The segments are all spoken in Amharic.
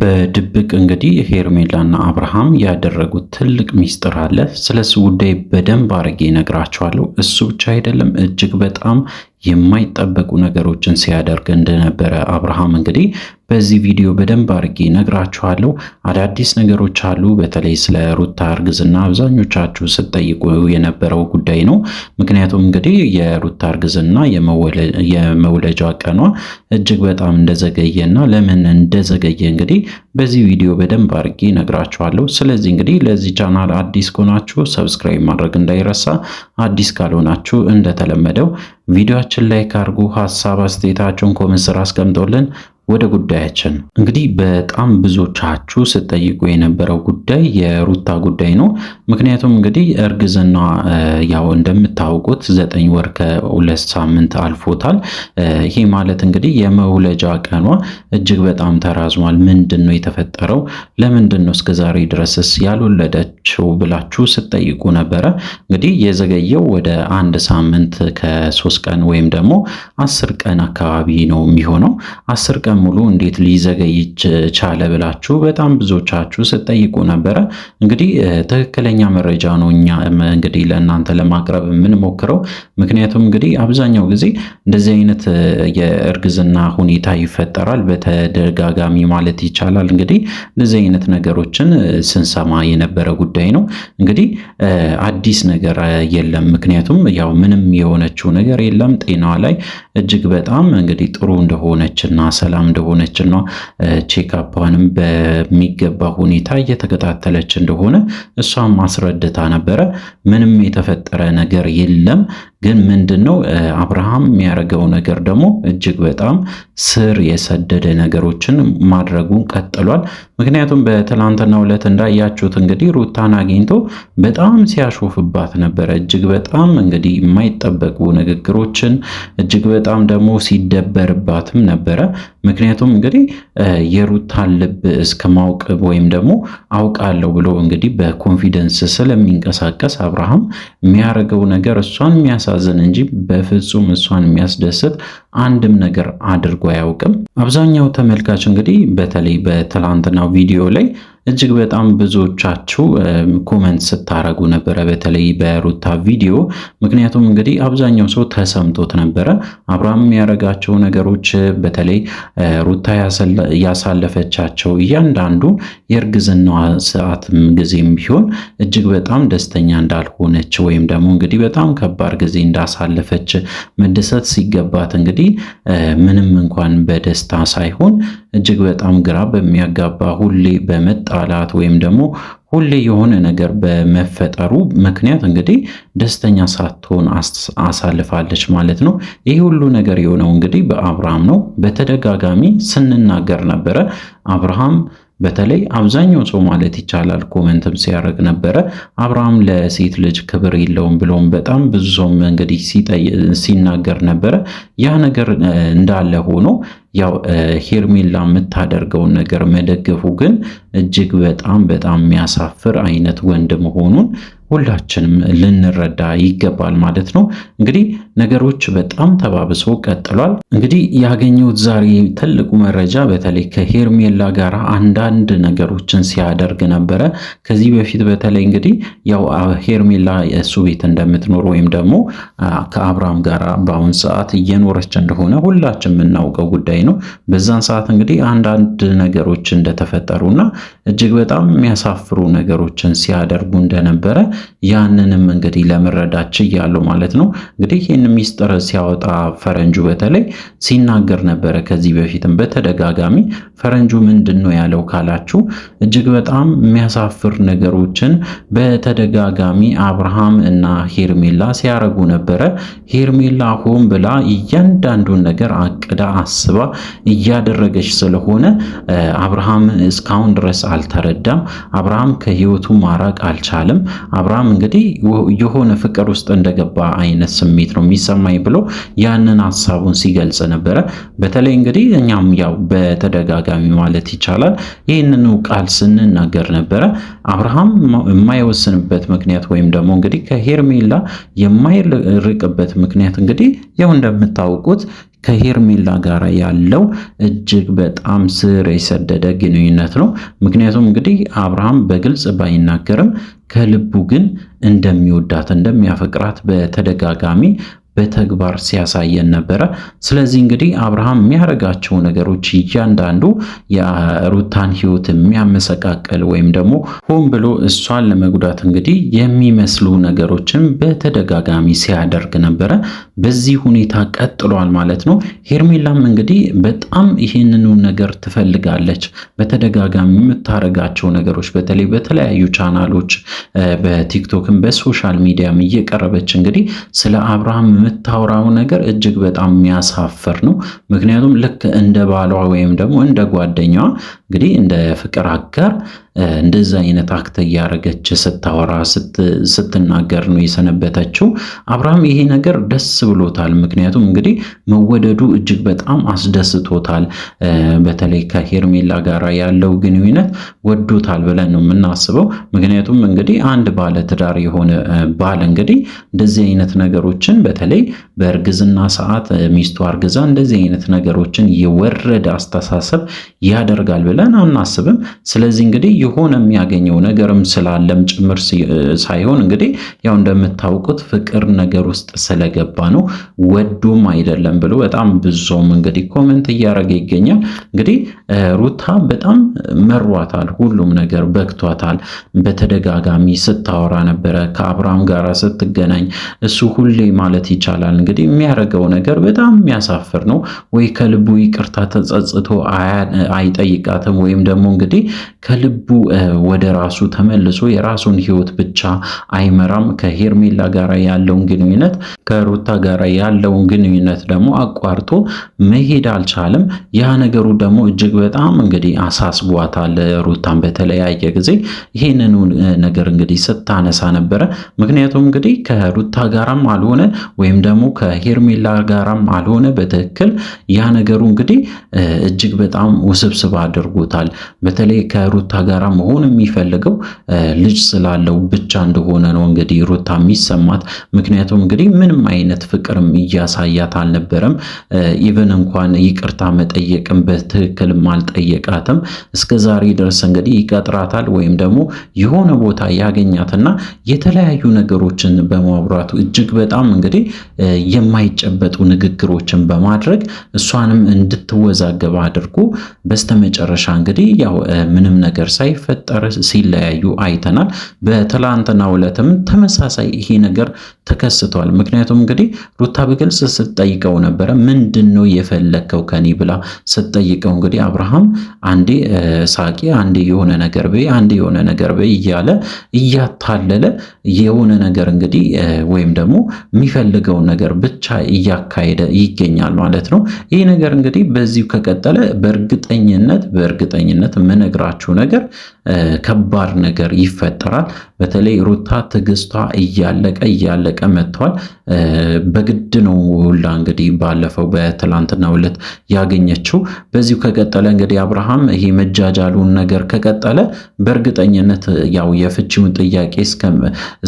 በድብቅ እንግዲህ ሄርሜላና አብርሃም ያደረጉት ትልቅ ሚስጥር አለ። ስለሱ ጉዳይ በደንብ አድርጌ ነግራቸዋለሁ። እሱ ብቻ አይደለም እጅግ በጣም የማይጠበቁ ነገሮችን ሲያደርግ እንደነበረ አብርሃም እንግዲህ በዚህ ቪዲዮ በደንብ አድርጌ ነግራችኋለሁ። አዳዲስ ነገሮች አሉ። በተለይ ስለ ሩታ እርግዝና አብዛኞቻችሁ ስትጠይቁ የነበረው ጉዳይ ነው። ምክንያቱም እንግዲህ የሩታ እርግዝና የመውለጃ ቀኗ እጅግ በጣም እንደዘገየና ለምን እንደዘገየ እንግዲህ በዚህ ቪዲዮ በደንብ አድርጌ ነግራችኋለሁ። ስለዚህ እንግዲህ ለዚህ ቻናል አዲስ ከሆናችሁ ሰብስክራይብ ማድረግ እንዳይረሳ፣ አዲስ ካልሆናችሁ እንደተለመደው ቪዲዮችን ላይክ አድርጉ፣ ሀሳብ አስተያየታችሁን ኮሜንት ስር አስቀምጦልን ወደ ጉዳያችን እንግዲህ በጣም ብዙዎቻችሁ ስትጠይቁ የነበረው ጉዳይ የሩታ ጉዳይ ነው። ምክንያቱም እንግዲህ እርግዝና ያው እንደምታውቁት ዘጠኝ ወር ከሁለት ሳምንት አልፎታል። ይሄ ማለት እንግዲህ የመውለጃ ቀኗ እጅግ በጣም ተራዝሟል። ምንድን ነው የተፈጠረው? ለምንድን ነው እስከዛሬ ድረስስ ያልወለደችው ብላችሁ ስትጠይቁ ነበረ። እንግዲህ የዘገየው ወደ አንድ ሳምንት ከሶስት ቀን ወይም ደግሞ አስር ቀን አካባቢ ነው የሚሆነው አስር ቀን ሙሉ እንዴት ሊዘገይ ቻለ ብላችሁ በጣም ብዙዎቻችሁ ስትጠይቁ ነበረ። እንግዲህ ትክክለኛ መረጃ ነው እኛ እንግዲህ ለእናንተ ለማቅረብ የምንሞክረው። ምክንያቱም እንግዲህ አብዛኛው ጊዜ እንደዚህ አይነት የእርግዝና ሁኔታ ይፈጠራል በተደጋጋሚ ማለት ይቻላል። እንግዲህ እንደዚህ አይነት ነገሮችን ስንሰማ የነበረ ጉዳይ ነው። እንግዲህ አዲስ ነገር የለም። ምክንያቱም ያው ምንም የሆነችው ነገር የለም። ጤናዋ ላይ እጅግ በጣም እንግዲህ ጥሩ እንደሆነችና ሰላም እንደሆነች እና ቼክአፓንም በሚገባ ሁኔታ እየተከታተለች እንደሆነ እሷም ማስረድታ ነበረ። ምንም የተፈጠረ ነገር የለም ግን ምንድን ነው አብርሃም የሚያደርገው ነገር ደግሞ እጅግ በጣም ስር የሰደደ ነገሮችን ማድረጉን ቀጥሏል። ምክንያቱም በትላንትና ዕለት እንዳያችሁት እንግዲህ ሩታን አግኝቶ በጣም ሲያሾፍባት ነበረ። እጅግ በጣም እንግዲህ የማይጠበቁ ንግግሮችን እጅግ በጣም ደግሞ ሲደበርባትም ነበረ። ምክንያቱም እንግዲህ የሩታን ልብ እስከ ማወቅ ወይም ደግሞ አውቃለሁ ብሎ እንግዲህ በኮንፊደንስ ስለሚንቀሳቀስ አብርሃም የሚያደርገው ነገር እሷን የሚያሳ የሚያሳዝን እንጂ በፍጹም እሷን የሚያስደስት አንድም ነገር አድርጎ አያውቅም። አብዛኛው ተመልካች እንግዲህ በተለይ በትላንትናው ቪዲዮ ላይ እጅግ በጣም ብዙዎቻችሁ ኮመንት ስታረጉ ነበረ፣ በተለይ በሩታ ቪዲዮ። ምክንያቱም እንግዲህ አብዛኛው ሰው ተሰምቶት ነበረ አብርሃም ያደረጋቸው ነገሮች፣ በተለይ ሩታ ያሳለፈቻቸው እያንዳንዱ የእርግዝና ሰዓትም ጊዜም ቢሆን እጅግ በጣም ደስተኛ እንዳልሆነች ወይም ደግሞ እንግዲህ በጣም ከባድ ጊዜ እንዳሳለፈች መደሰት ሲገባት እንግዲህ ምንም እንኳን በደስታ ሳይሆን እጅግ በጣም ግራ በሚያጋባ ሁሌ በመጣላት ወይም ደግሞ ሁሌ የሆነ ነገር በመፈጠሩ ምክንያት እንግዲህ ደስተኛ ሳትሆን አሳልፋለች ማለት ነው። ይህ ሁሉ ነገር የሆነው እንግዲህ በአብርሃም ነው። በተደጋጋሚ ስንናገር ነበረ አብርሃም በተለይ አብዛኛው ሰው ማለት ይቻላል ኮመንትም ሲያደርግ ነበረ አብርሃም ለሴት ልጅ ክብር የለውም ብሎም በጣም ብዙ ሰውም እንግዲህ ሲናገር ነበረ። ያ ነገር እንዳለ ሆኖ ያው ሄርሜላ የምታደርገውን ነገር መደገፉ ግን እጅግ በጣም በጣም የሚያሳፍር አይነት ወንድ መሆኑን ሁላችንም ልንረዳ ይገባል ማለት ነው። እንግዲህ ነገሮች በጣም ተባብሶ ቀጥሏል። እንግዲህ ያገኘሁት ዛሬ ትልቁ መረጃ በተለይ ከሄርሜላ ጋር አንዳንድ ነገሮችን ሲያደርግ ነበረ። ከዚህ በፊት በተለይ እንግዲህ ያው ሄርሜላ እሱ ቤት እንደምትኖር ወይም ደግሞ ከአብርሃም ጋር በአሁን ሰዓት እየኖረች እንደሆነ ሁላችን የምናውቀው ጉዳይ ነው። በዛን ሰዓት እንግዲህ አንዳንድ ነገሮች እንደተፈጠሩና እጅግ በጣም የሚያሳፍሩ ነገሮችን ሲያደርጉ እንደነበረ ያንንም እንግዲህ ለመረዳት ችያለሁ ማለት ነው እንግዲህ ይህን ሚስጥር ሲያወጣ ፈረንጁ በተለይ ሲናገር ነበረ። ከዚህ በፊትም በተደጋጋሚ ፈረንጁ ምንድን ነው ያለው ካላችሁ እጅግ በጣም የሚያሳፍር ነገሮችን በተደጋጋሚ አብርሃም እና ሄርሜላ ሲያረጉ ነበረ። ሄርሜላ ሆን ብላ እያንዳንዱን ነገር አቅዳ አስባ እያደረገች ስለሆነ አብርሃም እስካሁን ድረስ አልተረዳም። አብርሃም ከህይወቱ ማራቅ አልቻለም። አብርሃም እንግዲህ የሆነ ፍቅር ውስጥ እንደገባ አይነት ስሜት ነው የሚሰማኝ ብሎ ያንን ሀሳቡን ሲገልጽ ነበረ። በተለይ እንግዲህ እኛም ያው በተደጋጋሚ ማለት ይቻላል ይህንኑ ቃል ስንናገር ነበረ። አብርሃም የማይወስንበት ምክንያት ወይም ደግሞ እንግዲህ ከሄርሜላ የማይርቅበት ምክንያት እንግዲህ ያው እንደምታውቁት ከሄርሜላ ጋር ያለው እጅግ በጣም ስር የሰደደ ግንኙነት ነው። ምክንያቱም እንግዲህ አብርሃም በግልጽ ባይናገርም ከልቡ ግን እንደሚወዳት እንደሚያፈቅራት በተደጋጋሚ በተግባር ሲያሳየን ነበረ። ስለዚህ እንግዲህ አብርሃም የሚያደርጋቸው ነገሮች እያንዳንዱ የሩታን ሕይወት የሚያመሰቃቀል ወይም ደግሞ ሆን ብሎ እሷን ለመጉዳት እንግዲህ የሚመስሉ ነገሮችን በተደጋጋሚ ሲያደርግ ነበረ። በዚህ ሁኔታ ቀጥሏል ማለት ነው። ሄርሜላም እንግዲህ በጣም ይህንኑ ነገር ትፈልጋለች። በተደጋጋሚ የምታደርጋቸው ነገሮች በተለይ በተለያዩ ቻናሎች በቲክቶክም በሶሻል ሚዲያም እየቀረበች እንግዲህ ስለ አብርሃም የምታወራው ነገር እጅግ በጣም የሚያሳፍር ነው። ምክንያቱም ልክ እንደ ባሏ ወይም ደግሞ እንደ ጓደኛዋ እንግዲህ እንደ ፍቅር አጋር እንደዛ አይነት አክት እያደረገች ስታወራ ስትናገር ነው የሰነበተችው። አብርሃም ይሄ ነገር ደስ ብሎታል። ምክንያቱም እንግዲህ መወደዱ እጅግ በጣም አስደስቶታል። በተለይ ከሄርሜላ ጋር ያለው ግንኙነት ወዶታል ብለን ነው የምናስበው። ምክንያቱም እንግዲህ አንድ ባለ ትዳር የሆነ ባል እንግዲህ እንደዚህ አይነት ነገሮችን በተለይ በእርግዝና ሰዓት ሚስቱ አርግዛ እንደዚህ አይነት ነገሮችን የወረደ አስተሳሰብ ያደርጋል ብለን ብለን አናስብም። ስለዚህ እንግዲህ የሆነ የሚያገኘው ነገርም ስላለም ጭምር ሳይሆን እንግዲህ ያው እንደምታውቁት ፍቅር ነገር ውስጥ ስለገባ ነው፣ ወዶም አይደለም ብሎ በጣም ብዙም እንግዲህ ኮመንት እያደረገ ይገኛል። እንግዲህ ሩታ በጣም መሯታል፣ ሁሉም ነገር በክቷታል። በተደጋጋሚ ስታወራ ነበረ ከአብርሃም ጋር ስትገናኝ እሱ ሁሌ ማለት ይቻላል እንግዲህ የሚያደርገው ነገር በጣም የሚያሳፍር ነው። ወይ ከልቡ ይቅርታ ተጸጽቶ አይጠይቃት መሳተፍ ወይም ደግሞ እንግዲህ ከልቡ ወደ ራሱ ተመልሶ የራሱን ህይወት ብቻ አይመራም። ከሄርሜላ ጋር ያለውን ግንኙነት ከሩታ ጋር ያለውን ግንኙነት ደግሞ አቋርጦ መሄድ አልቻለም። ያ ነገሩ ደግሞ እጅግ በጣም እንግዲህ አሳስቧታል ሩታን በተለያየ ጊዜ ይህንኑ ነገር እንግዲህ ስታነሳ ነበረ። ምክንያቱም እንግዲህ ከሩታ ጋራም አልሆነ ወይም ደግሞ ከሄርሜላ ጋራም አልሆነ በትክክል ያ ነገሩ እንግዲህ እጅግ በጣም ውስብስብ አድርጎ አድርጎታል። በተለይ ከሩታ ጋር መሆን የሚፈልገው ልጅ ስላለው ብቻ እንደሆነ ነው እንግዲህ ሩታ የሚሰማት። ምክንያቱም እንግዲህ ምንም አይነት ፍቅርም እያሳያት አልነበረም። ኢቨን እንኳን ይቅርታ መጠየቅም በትክክልም አልጠየቃትም። እስከ ዛሬ ድረስ እንግዲህ ይቀጥራታል ወይም ደግሞ የሆነ ቦታ ያገኛትና የተለያዩ ነገሮችን በማብራቱ እጅግ በጣም እንግዲህ የማይጨበጡ ንግግሮችን በማድረግ እሷንም እንድትወዛገብ አድርጎ በስተመጨረሻ መጨረሻ እንግዲህ ያው ምንም ነገር ሳይፈጠር ሲለያዩ አይተናል። በትላንትና ዕለትም ተመሳሳይ ይሄ ነገር ተከስቷል። ምክንያቱም እንግዲህ ሩታ በግልጽ ስትጠይቀው ነበረ ምንድን ነው የፈለግከው ከኔ ብላ ስትጠይቀው እንግዲህ አብርሃም አንዴ ሳቂ፣ አንዴ የሆነ ነገር በይ፣ አንዴ የሆነ ነገር በይ እያለ እያታለለ የሆነ ነገር እንግዲህ ወይም ደግሞ የሚፈልገውን ነገር ብቻ እያካሄደ ይገኛል ማለት ነው። ይህ ነገር እንግዲህ በዚሁ ከቀጠለ በእርግጠኝነት በእርግጠኝነት የምነግራችሁ ነገር ከባድ ነገር ይፈጠራል። በተለይ ሩታ ትዕግስቷ እያለቀ እያለቀ መጥቷል። በግድ ነው ሁላ እንግዲህ ባለፈው በትላንትናው ዕለት ያገኘችው። በዚሁ ከቀጠለ እንግዲህ አብርሃም ይሄ መጃጃሉን ነገር ከቀጠለ በእርግጠኝነት ያው የፍቺውን ጥያቄ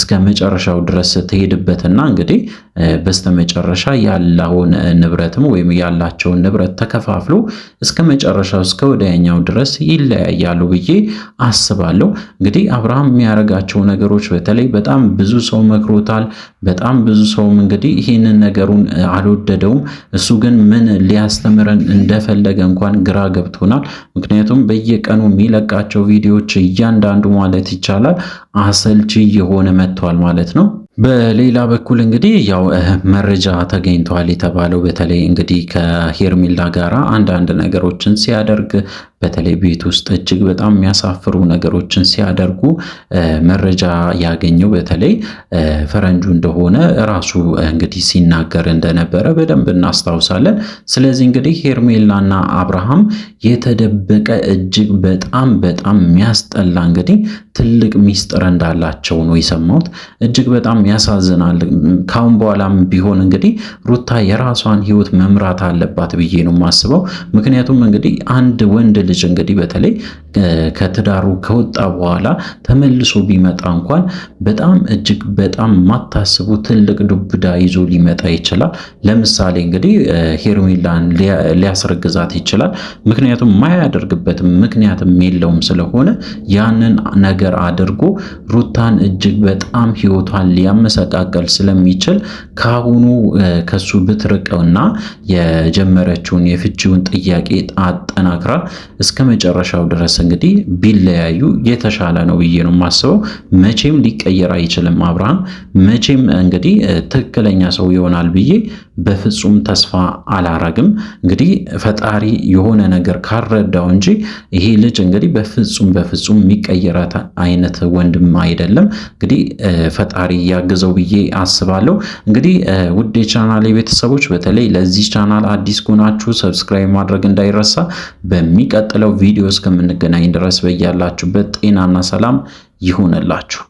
እስከ መጨረሻው ድረስ ትሄድበትና እንግዲህ በስተመጨረሻ ያለውን ንብረትም ወይም ያላቸውን ንብረት ተከፋፍሎ እስከ መጨረሻው እስከ ወዲያኛው ድረስ ይለያያሉ ብዬ አስባለሁ። እንግዲህ አብርሃም የሚያደርጋቸው ነገሮች በተለይ በጣም ብዙ ሰው መክሮታል። በጣም ብዙ ሰውም እንግዲህ ይህንን ነገሩን አልወደደውም። እሱ ግን ምን ሊያስተምረን እንደፈለገ እንኳን ግራ ገብቶናል። ምክንያቱም በየቀኑ የሚለቃቸው ቪዲዮዎች እያንዳንዱ ማለት ይቻላል አሰልቺ የሆነ መጥቷል ማለት ነው። በሌላ በኩል እንግዲህ ያው መረጃ ተገኝቷል የተባለው በተለይ እንግዲህ ከሄርሜላ ጋራ አንዳንድ ነገሮችን ሲያደርግ በተለይ ቤት ውስጥ እጅግ በጣም የሚያሳፍሩ ነገሮችን ሲያደርጉ መረጃ ያገኘው በተለይ ፈረንጁ እንደሆነ ራሱ እንግዲህ ሲናገር እንደነበረ በደንብ እናስታውሳለን። ስለዚህ እንግዲህ ሄርሜላና አብርሃም የተደበቀ እጅግ በጣም በጣም የሚያስጠላ እንግዲህ ትልቅ ሚስጥር እንዳላቸው ነው የሰማሁት። እጅግ በጣም ያሳዝናል። ካሁን በኋላም ቢሆን እንግዲህ ሩታ የራሷን ሕይወት መምራት አለባት ብዬ ነው የማስበው። ምክንያቱም እንግዲህ አንድ ወንድ ልጅ ልጅ እንግዲህ በተለይ ከትዳሩ ከወጣ በኋላ ተመልሶ ቢመጣ እንኳን በጣም እጅግ በጣም ማታስቡ ትልቅ ዱብዳ ይዞ ሊመጣ ይችላል። ለምሳሌ እንግዲህ ሄርሜላን ሊያስረግዛት ይችላል። ምክንያቱም ማያደርግበትም ምክንያትም የለውም ስለሆነ ያንን ነገር አድርጎ ሩታን እጅግ በጣም ህይወቷን ሊያመሰቃቀል ስለሚችል ከአሁኑ ከሱ ብትርቅና የጀመረችውን የፍቺውን ጥያቄ አጠናክራ እስከ መጨረሻው ድረስ እንግዲህ ቢለያዩ የተሻለ ነው ብዬ ነው የማስበው። መቼም ሊቀየር አይችልም አብርሃም መቼም እንግዲህ ትክክለኛ ሰው ይሆናል ብዬ በፍጹም ተስፋ አላረግም። እንግዲህ ፈጣሪ የሆነ ነገር ካረዳው እንጂ ይሄ ልጅ እንግዲህ በፍጹም በፍጹም የሚቀየር አይነት ወንድም አይደለም። እንግዲህ ፈጣሪ ያግዘው ብዬ አስባለሁ። እንግዲህ ውድ የቻናል ቤተሰቦች በተለይ ለዚህ ቻናል አዲስ ጎናችሁ ሰብስክራይብ ማድረግ እንዳይረሳ። በሚቀጥለው ቪዲዮ እስከምንገናኝ ድረስ በያላችሁበት ጤናና ሰላም ይሁንላችሁ።